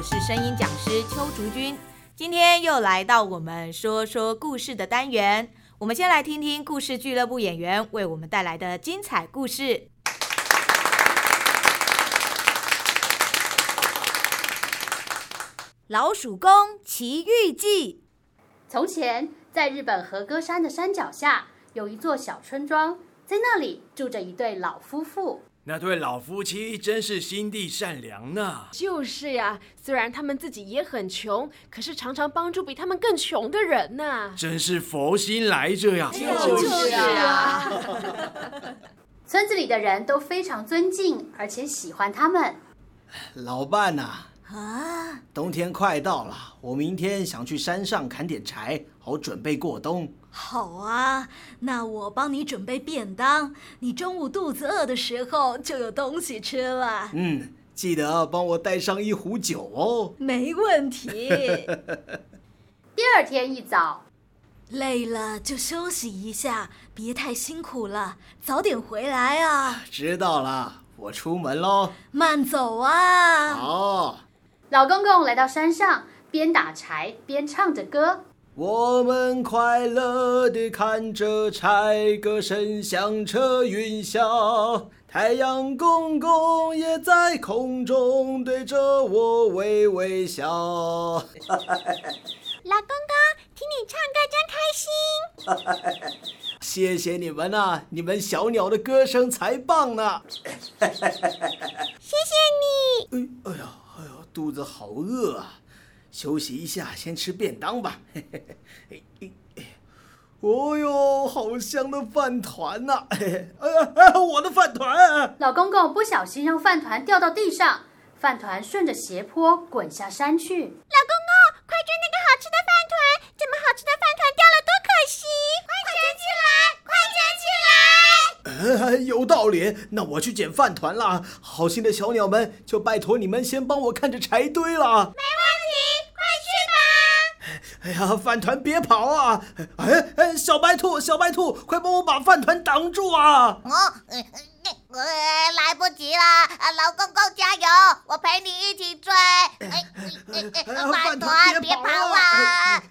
我是聲音講師邱竹君，今天又來到我們說說故事的單元。我們先來聽聽故事劇樂部演員為我們帶來的精彩故事《老鼠宮奇遇記》。從前，在日本和歌山的山腳下，有一座小村莊，在那裡住着一對老夫婦。那對老夫妻真是心地善良吶、啊！就是呀、啊，雖然他們自己也很窮，可是常常幫助比他們更窮的人吶、啊。真是佛心來着呀、啊！就是啊，是啊 村子裡的人都非常尊敬而且喜歡他們。老伴吶，啊，啊冬天快到了，我明天想去山上砍點柴，好準備過冬。好啊，那我幫你準備便當，你中午肚子餓的時候就有東西吃了。嗯，記得幫我帶上一壺酒哦。沒問題。 第二天一早，累了就休息一下，別太辛苦了，早點回來啊。知道了，我出門嘍。慢走啊。好。老公公來到山上，邊打柴邊唱着歌。我們快樂地看着，柴歌聲響徹雲霄，太陽公公也在空中對着我微微笑。老公公，聽你唱歌真開心。謝謝你們吶、啊，你們小鳥的歌聲才棒呢、啊。謝謝你。哎哎呀，哎呀，肚子好餓啊。休息一下，先吃便當吧。嘿嘿嘿哎哎哎！哦喲，好香的飯糰吶、啊！哎呀、哎，我的飯糰！老公公不小心讓飯糰掉到地上，飯糰順着斜坡滾下山去。老公公，快撿那個好吃的飯糰！這麼好吃的飯糰掉了多可惜，快撿起來，快撿起來！嗯是、哎，有道理。那我去撿飯糰了。好心的小鳥們，就拜託你們先幫我看着柴堆了。沒哎呀，飯團別跑啊！哎哎，小白兔，小白兔，快幫我把飯團擋住啊！啊、哦，呃、哎，來不及了，老公公加油，我陪你一起追！哎哎哎，飯團別跑啊！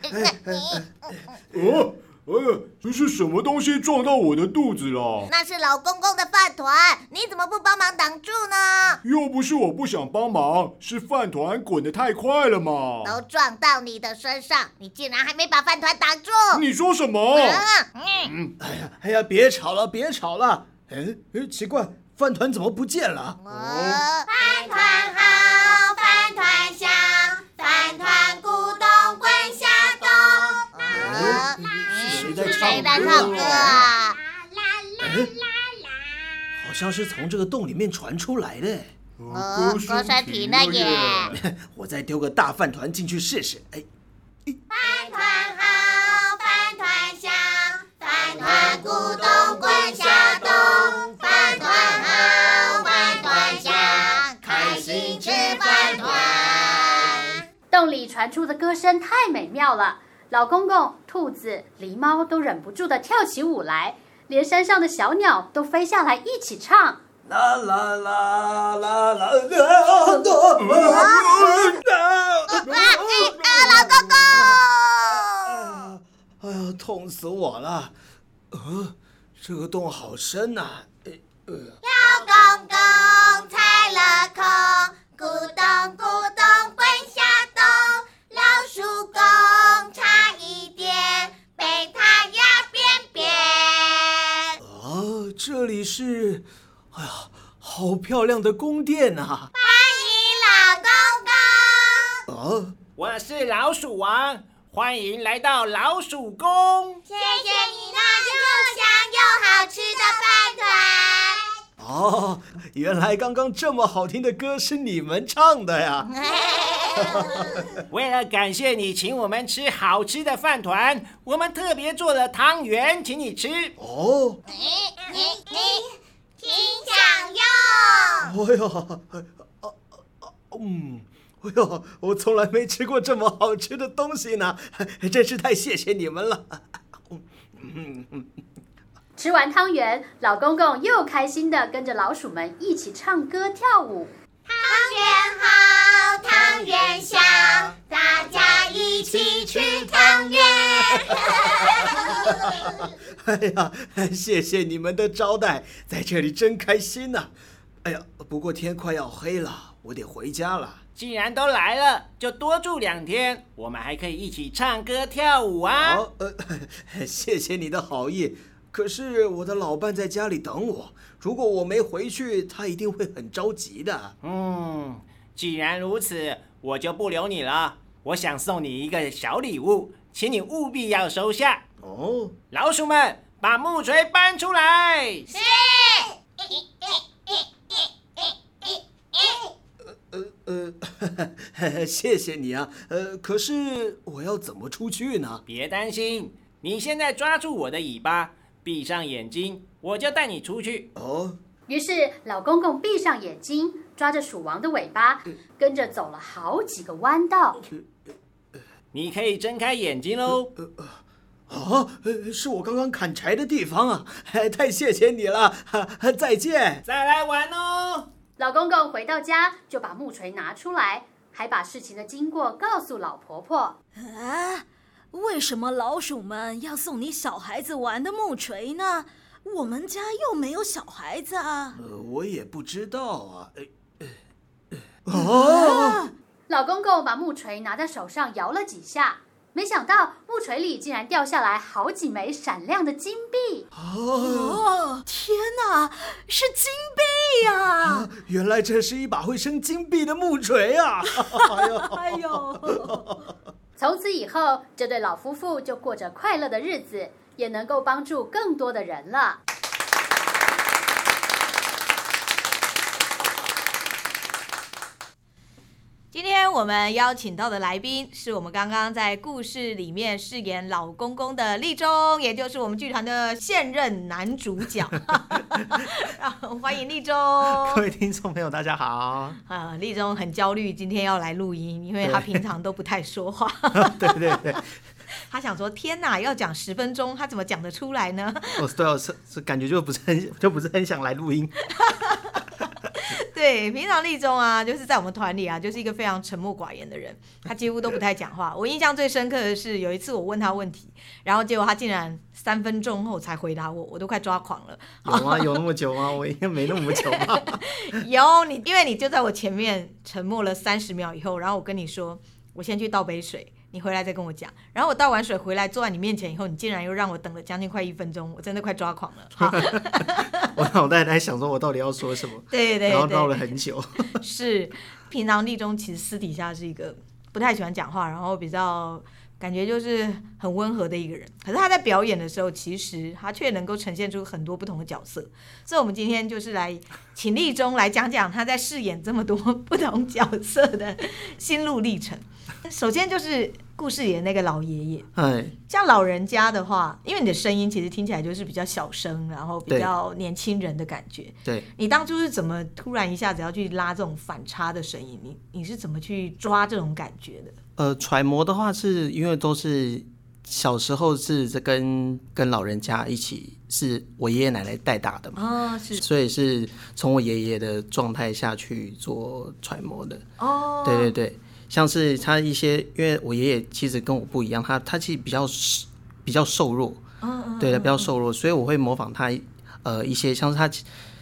哦。呃、哎，這是什麼東西撞到我的肚子了？那是老公公的飯糰，你怎麼不幫忙擋住呢？又不是我不想幫忙，是飯糰滾得太快了嘛！都撞到你的身上，你竟然還沒把飯糰擋住？你說什麼？嗯、啊、嗯，哎呀哎呀，別吵了，別吵了。哎哎，奇怪，飯糰怎麼不見了？哦。飯糰好，飯糰香。啦啦啦，好像是從這個洞裡面傳出來的。歌聲甜耶！我再丟個大飯糰進去試試。哎，飯糰好，飯糰香，飯糰咕咚滾下洞。飯糰好，飯糰香，開心吃飯糰。洞裡傳出的歌聲太美妙了。老公公、兔子、狸貓都忍不住的跳起舞來，連山上的小鳥都飛下來一起唱。啦啦啦啦啦啦！啦、啊、啦、啊啊啊哎啊、老公公，哎呀，痛死我了！啊，這個洞好深吶、啊！哎呃、老公公開了口。是，哎呀，好漂亮的宮殿啊！歡迎老公公。哦、啊，我是老鼠王，歡迎來到老鼠宮。謝謝你那又香又好吃的飯糰。哦，原來剛剛這麼好聽的歌是你們唱的呀。 為了感謝你請我們吃好吃的飯糰，我們特別做了湯圓請你吃。哦，你你請享用。哎呦、啊啊，嗯，哎呦，我從來沒吃過這麼好吃的東西呢，真是太謝謝你們了。嗯嗯、吃完湯圓，老公公又開心的跟着老鼠們一起唱歌跳舞。湯圓好，湯圓香，大家一起去湯圓。 哎呀，謝謝你們的招待，在這裡真開心吶、啊。哎呀，不過天快要黑了，我得回家了。既然都來了，就多住兩天，我們還可以一起唱歌跳舞啊。好、呃，謝謝你的好意。可是我的老伴在家裡等我，如果我沒回去，他一定會很着急的。嗯，既然如此，我就不留你了。我想送你一個小禮物，請你務必要收下。哦，老鼠們，把木錘搬出來。是。呃呃，呵呵，呵呵，謝謝你啊。呃，可是我要怎麼出去呢？別擔心，你現在抓住我的尾巴。閉上眼睛，我就帶你出去哦。於是老公公閉上眼睛，抓着鼠王的尾巴，跟着走了好幾個彎道。你可以睜開眼睛嘍。啊、哦，是我剛剛砍柴的地方啊！太謝謝你了，再見。再來玩哦。老公公回到家，就把木錘拿出來，還把事情的經過告訴老婆婆。啊！為什麼老鼠們要送你小孩子玩的木錘呢？我們家又沒有小孩子啊！呃，我也不知道啊。哦，老公公把木錘拿在手上搖了幾下，沒想到木錘裡竟然掉下來好幾枚閃亮的金幣！啊，啊！天哪，是金幣呀，啊啊！原來這是一把會生金幣的木錘啊！啊 哎呦！ 從此以後，這對老夫婦就過着快樂的日子，也能夠幫助更多的人了。今天我們邀請到的來賓是我們剛剛在故事裡面飾演老公公的立中，也就是我們劇團的現任男主角。 啊，歡迎立中，各位聽眾朋友，大家好。啊，立中很焦慮，今天要來錄音，因為他平常都不太說話。 對，對對對，他想說：“天哪，要講十分鐘，他怎麼講得出來呢？”哦，對哦，我是是感覺就不是很，就不是很想來錄音。 對，平常立中啊，就是在我們團裡啊，就是一個非常沉默寡言的人，他幾乎都不太講話。我印象最深刻的是，有一次我問他問題，然後結果他竟然三分鐘後才回答我，我都快抓狂了。好，有啊？有那麼久嗎？我應該沒那麼久吧。 有你，因為你就在我前面沉默了三十秒以後，然後我跟你說，我先去倒杯水，你回來再跟我講。然後我倒完水回來坐在你面前以後，你竟然又讓我等了將近快一分鐘，我真的快抓狂了。 我腦袋在想，說我到底要說什麼？ 對對，對，然後鬧了很久。是，平常立中其實私底下是一個不太喜歡講話，然後比較感覺就是很溫和的一個人。可是他在表演的時候，其實他卻能夠呈現出很多不同的角色。所以我們今天就是來請立中來講講他在飾演這麼多不同角色的心路歷程。首先就是故事裡的那個老爺爺，哎，嘿，像老人家的話，因為你的聲音其實聽起來就是比較小聲，然後比較年輕人的感覺。對，你當初是怎麼突然一下子要去拉這種反差的聲音？你你是怎麼去抓這種感覺的？呃，揣摩的話，是因為都是小時候是跟跟老人家一起，是我爺爺奶奶帶大的嘛，啊、哦，是，所以是從我爺爺的狀態下去做揣摩的。哦，對對對。像是他一些，因為我爺爺其實跟我不一樣，他他其實比較比較瘦弱，oh, oh, oh, oh, 對的，他比較瘦弱，所以我會模仿他，呃，一些像是他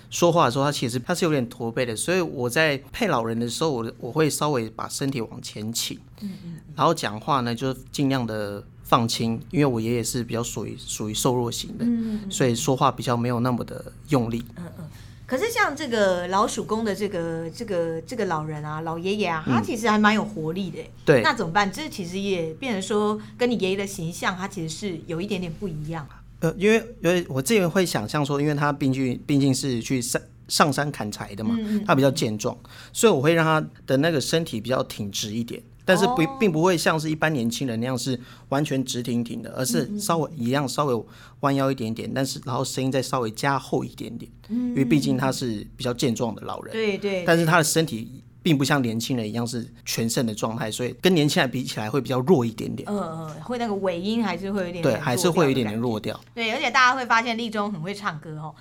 說話的時候，他其實他是有點駝背的，所以我在配老人的時候，我我會稍微把身體往前傾，嗯，然後講話呢，就是儘量的放輕，因為我爺爺是比較屬於屬於瘦弱型的，嗯，所以說話比較沒有那麼的用力，嗯 oh, oh 可是像這個老鼠宮的這個這個這個老人啊，老爺爺啊，他其實還蠻有活力的、欸嗯、對，那怎麼辦？這其實也變成說，跟你爺爺的形象，他其實是有一點點不一樣、啊。呃，因為因為我這邊會想象說，因為他畢竟畢竟是去上上山砍柴的嘛，嗯、他比較健壯，所以我會讓他的那個身體比較挺直一點。但是不並不會像是一般年輕人那樣是完全直挺挺的，而是稍微一樣嗯嗯嗯稍微彎腰一點點，但是然後聲音再稍微加厚一點點，嗯,嗯,嗯,嗯，因為畢竟他是比較健壯的老人，對,對對，但是他的身體並不像年輕人一樣是全盛的狀態，所以跟年輕人比起來會比較弱一點點，嗯嗯、呃，會那個尾音還是會有點,點弱對，還是會有一點點弱掉，對，而且大家會發現立中很會唱歌哦，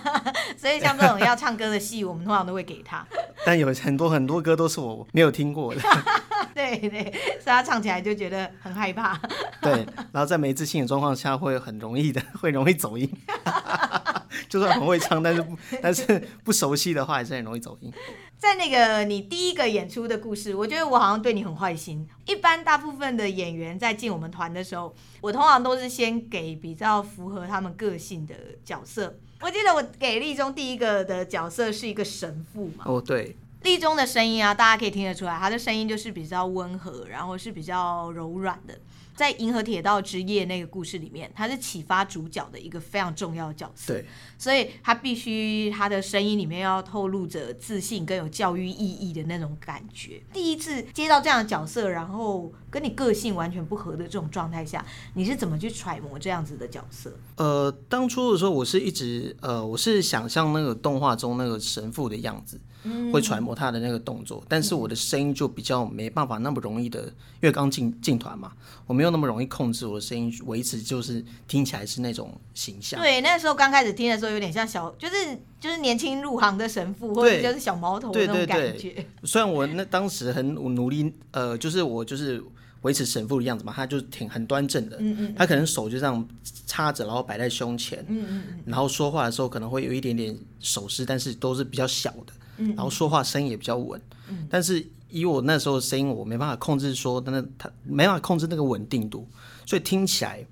所以像這種要唱歌的戲， 我們通常都會給他，但有很多很多歌都是我沒有聽過的。 對對，所以他唱起來就覺得很害怕。對，然後在沒自信的狀況下，會很容易的，會容易走音。 就算很會唱，但是不但是不熟悉的話，也是很容易走音。在那個你第一個演出的故事，我覺得我好像對你很壞心。一般大部分的演員在進我們團的時候，我通常都是先給比較符合他們個性的角色。我記得我給立中第一個的角色是一個神父嘛？哦，對。立中的聲音啊，大家可以聽得出來，他的聲音就是比較溫和，然後是比較柔軟的。在《銀河鐵道之夜》那個故事裡面，他是啟發主角的一個非常重要的角色。對，所以他必須他的聲音裡面要透露着自信跟有教育意義的那種感覺。第一次接到這樣的角色，然後跟你個性完全不合的這種狀態下，你是怎麼去揣摩這樣子的角色？呃，當初的時候，我是一直呃，我是想象那個動畫中那個神父的樣子，會揣摩他的那個動作，嗯，但是我的聲音就比較沒辦法那麼容易的，因為剛進進團嘛，我沒有。那麼容易控制我的聲音，維持就是聽起來是那種形象。對，那時候剛開始聽的時候，有點像小，就是就是年輕入行的神父，對或者就是小毛頭的那種感覺。對對對，雖然我那當時很努力，呃，就是我就是維持神父的樣子嘛，他就挺很端正的。嗯，嗯，嗯，他可能手就這樣插着，然後擺在胸前。嗯，嗯，嗯，然後說話的時候可能會有一點點手勢，但是都是比較小的。嗯，然後說話聲音也比較穩。嗯，嗯，但是。以我那時候聲音，我沒辦法控制，說，但是他沒辦法控制那個穩定度，所以聽起來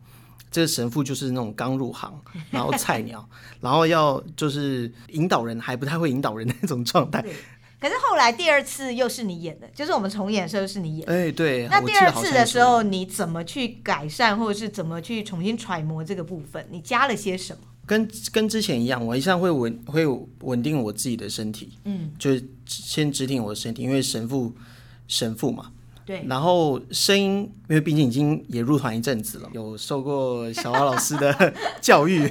這個神父就是那種剛入行，然後菜鳥， 然後要就是引導人還不太會引導人那種狀態。可是後來第二次又是你演的，就是我們重演的時候是你演的。哎、欸，對。那第二次的時候你怎麼去改善，或者是怎麼去重新揣摩這個部分？你加了些什麼？跟跟之前一樣，我一向會穩會穩定我自己的身體，嗯，就是先直挺我的身體，因為神父神父嘛，對，然後聲音，因為畢竟已經也入團一陣子了，對有受過小蛙老師的教育，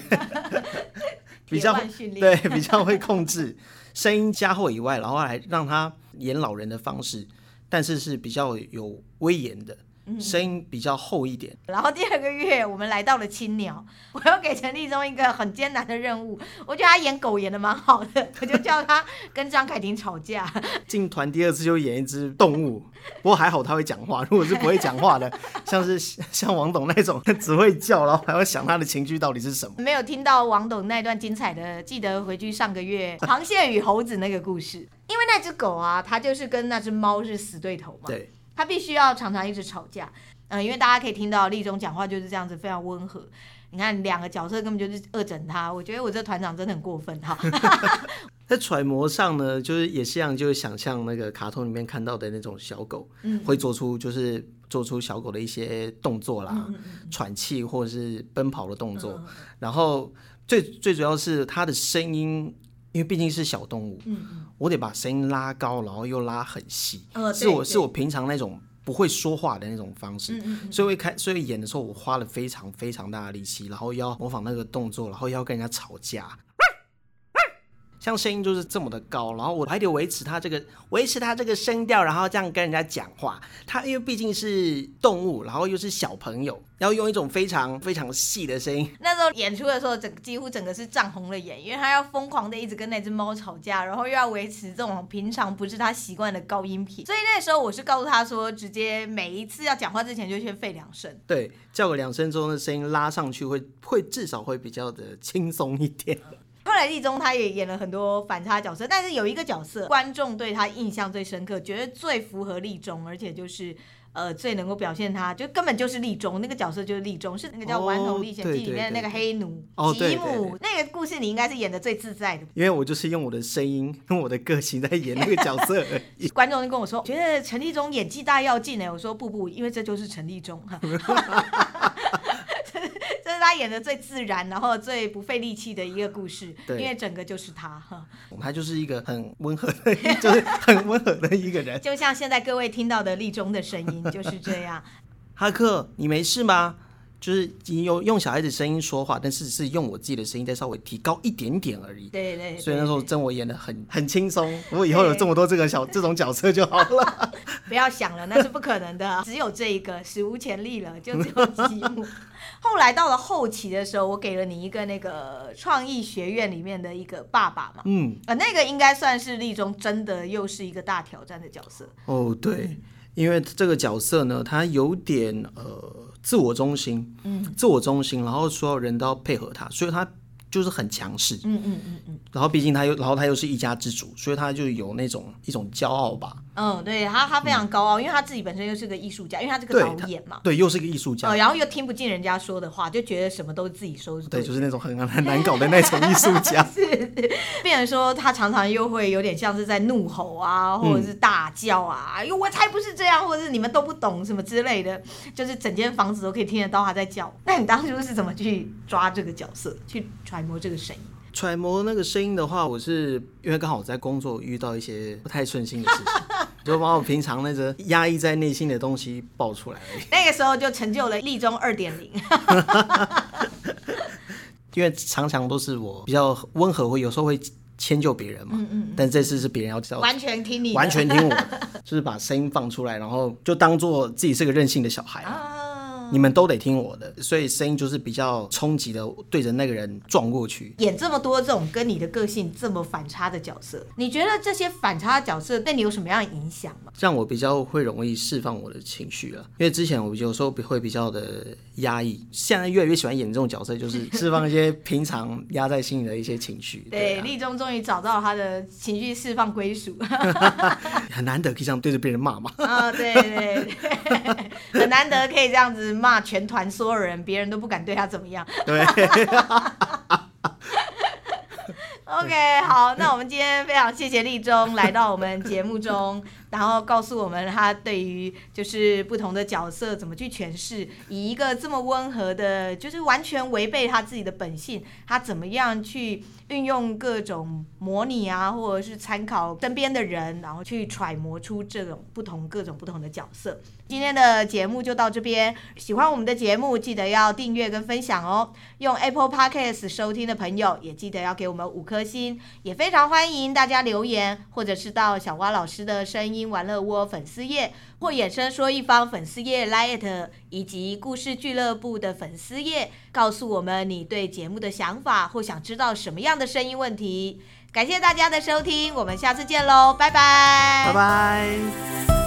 比較訓練，對，比較會控制聲音加厚以外，然後還讓他演老人的方式，但是是比較有威嚴的。聲音比較厚一點，嗯、然後第二個月我們來到了青鳥，我又給陳立中一個很艱難的任務，我覺得他演狗演得蠻好的，我就叫他跟張凱婷吵架。進團 第二次就演一隻動物，不過還好他會講話，如果是不會講話的，像是像王董那種只會叫，然後還會想他的情緒到底是什麼？ 沒有聽到王董那段精彩的，記得回去上個月螃蟹與猴子那個故事，因為那隻狗啊，它就是跟那隻貓是死對頭嘛。對。他必須要常常一直吵架，嗯、呃，因為大家可以聽到立中講話就是這樣子，非常溫和。你看兩個角色根本就是惡整他，我覺得我這團長真的很過分哈。在 揣摩上呢，就是也是樣就想像就是想象那個卡通裡面看到的那種小狗，嗯、哼會做出就是做出小狗的一些動作啦，嗯哼嗯哼喘氣或者是奔跑的動作，嗯、然後最最主要是他的聲音。因為畢竟是小動物，嗯，我得把聲音拉高，然後又拉很細，是我，哦，是我平常那種不會說話的那種方式，所以開所以演的時候，我花了非常非常大的力氣，然後要模仿那個動作，然後要跟人家吵架。像聲音就是這麼的高，然後我還得維持它這個維持它這個聲調，然後這樣跟人家講話。它因為畢竟是動物，然後又是小朋友，然後用一種非常非常細的聲音。那時候演出的時候，整幾乎整個是漲紅了眼，因為他要瘋狂的一直跟那隻貓吵架，然後又要維持這種平常不是他習慣的高音頻。所以那時候我是告訴他說，直接每一次要講話之前就先吠兩聲，對，叫個兩聲，之後的聲音拉上去會會至少會比較的輕鬆一點。嗯在後來，立中，他也演了很多反差角色，但是有一個角色，觀眾對他印象最深刻，覺得最符合立中，而且就是呃，最能夠表現他，就根本就是立中那個角色，就是立中，是那個叫《頑童歷險記》裡面的那個黑奴。哦，對對對，吉姆。對對對，那個故事你應該是演得最自在的，因為我就是用我的聲音，用我的個性在演那個角色而已 觀眾就跟我說，覺得陳立中演技大躍進呢。欸，我說不不，因為這就是陳立中。 是他演的最自然，然後最不費力氣的一個故事，對因為整個就是他，他就是一個很溫和的， 就是很溫和的一個人， 就像現在各位聽到的立中的聲音就是這樣。 哈克，你沒事嗎？就是用用小孩子聲音說話，但是是用我自己的聲音再稍微提高一點點而已。對對，對。所以那時候真我演得很很輕鬆。我對以後有這麼多這個小對對對這種角色就好了。 不要想了，那是不可能的， 只有這一個，史無前例了，就只有吉 後來到了後期的時候，我給了你一個那個創意學院裡面的一個爸爸嘛。嗯、呃。那個應該算是立中真的又是一個大挑戰的角色。哦，對，因為這個角色呢，他有點呃。自我中心，嗯，自我中心，然後所有人都要配合他，所以他就是很強勢，嗯嗯嗯嗯。然後畢竟他又，然後他又是一家之主，所以他就有那種一種驕傲吧。嗯，對他，他非常高傲，因為他自己本身又是個藝術家，因為他是個導演嘛，對，對，又是個藝術家，呃，然後又聽不進人家說的話，就覺得什麼都自己說對，對，就是那種很很難搞的那種藝術家。是 是，變成說他常常又會有點像是在怒吼啊，或者是大叫啊，嗯、我才不是這樣，或者是你們都不懂什麼之類的，就是整間房子都可以聽得到他在叫。那你當初是怎麼去抓這個角色，去揣摩這個聲音？揣摩那個聲音的話，我是因為剛好在工作遇到一些不太順心的事情。 就把我平常那個壓抑在內心的東西爆出來。那個時候就成就了立中二點零。因為常常都是我比較溫和，會有時候會遷就別人嘛。嗯嗯。但這次是別人要知道，完全聽你，完全聽我，就是把聲音放出來，然後就當做自己是個任性的小孩。啊你們都得聽我的，所以聲音就是比較衝擊的，對着那個人撞過去。演這麼多這種跟你的個性這麼反差的角色，你覺得這些反差的角色對你有什麼樣的影響嗎？這樣我比較會容易釋放我的情緒啊，因為之前我有時候會比較的壓抑，現在越來越喜歡演這種角色，就是釋放一些平常壓在心裡的一些情緒。 對啊，立中終，終於找到他的情緒釋放歸屬。 很難得可以這樣對着別人罵嘛？啊、哦，對對、對，很難得可以這樣子罵全團所有人，別人都不敢對他怎麼樣。對 ，OK，好，那我們今天非常謝謝立中來到我們節目中。 然後告訴我們他對於就是不同的角色怎麼去詮釋，以一個這麼溫和的，就是完全違背他自己的本性，他怎麼樣去運用各種模擬啊，或者是參考身邊的人，然後去揣摩出這種不同各種不同的角色。今天的節目就到這邊，喜歡我們的節目記得要訂閱跟分享哦。用 Apple Podcast 收聽的朋友也記得要給我們五顆星，也非常歡迎大家留言，或者是到小蛙老師的聲音。玩樂窩粉絲頁或衍聲說藝坊粉絲頁 LINE@，以及故事劇樂部的粉絲頁，告訴我們你對節目的想法或想知道什麼樣的聲音問題。感謝大家的收聽，我們下次見嘍，拜拜，拜拜。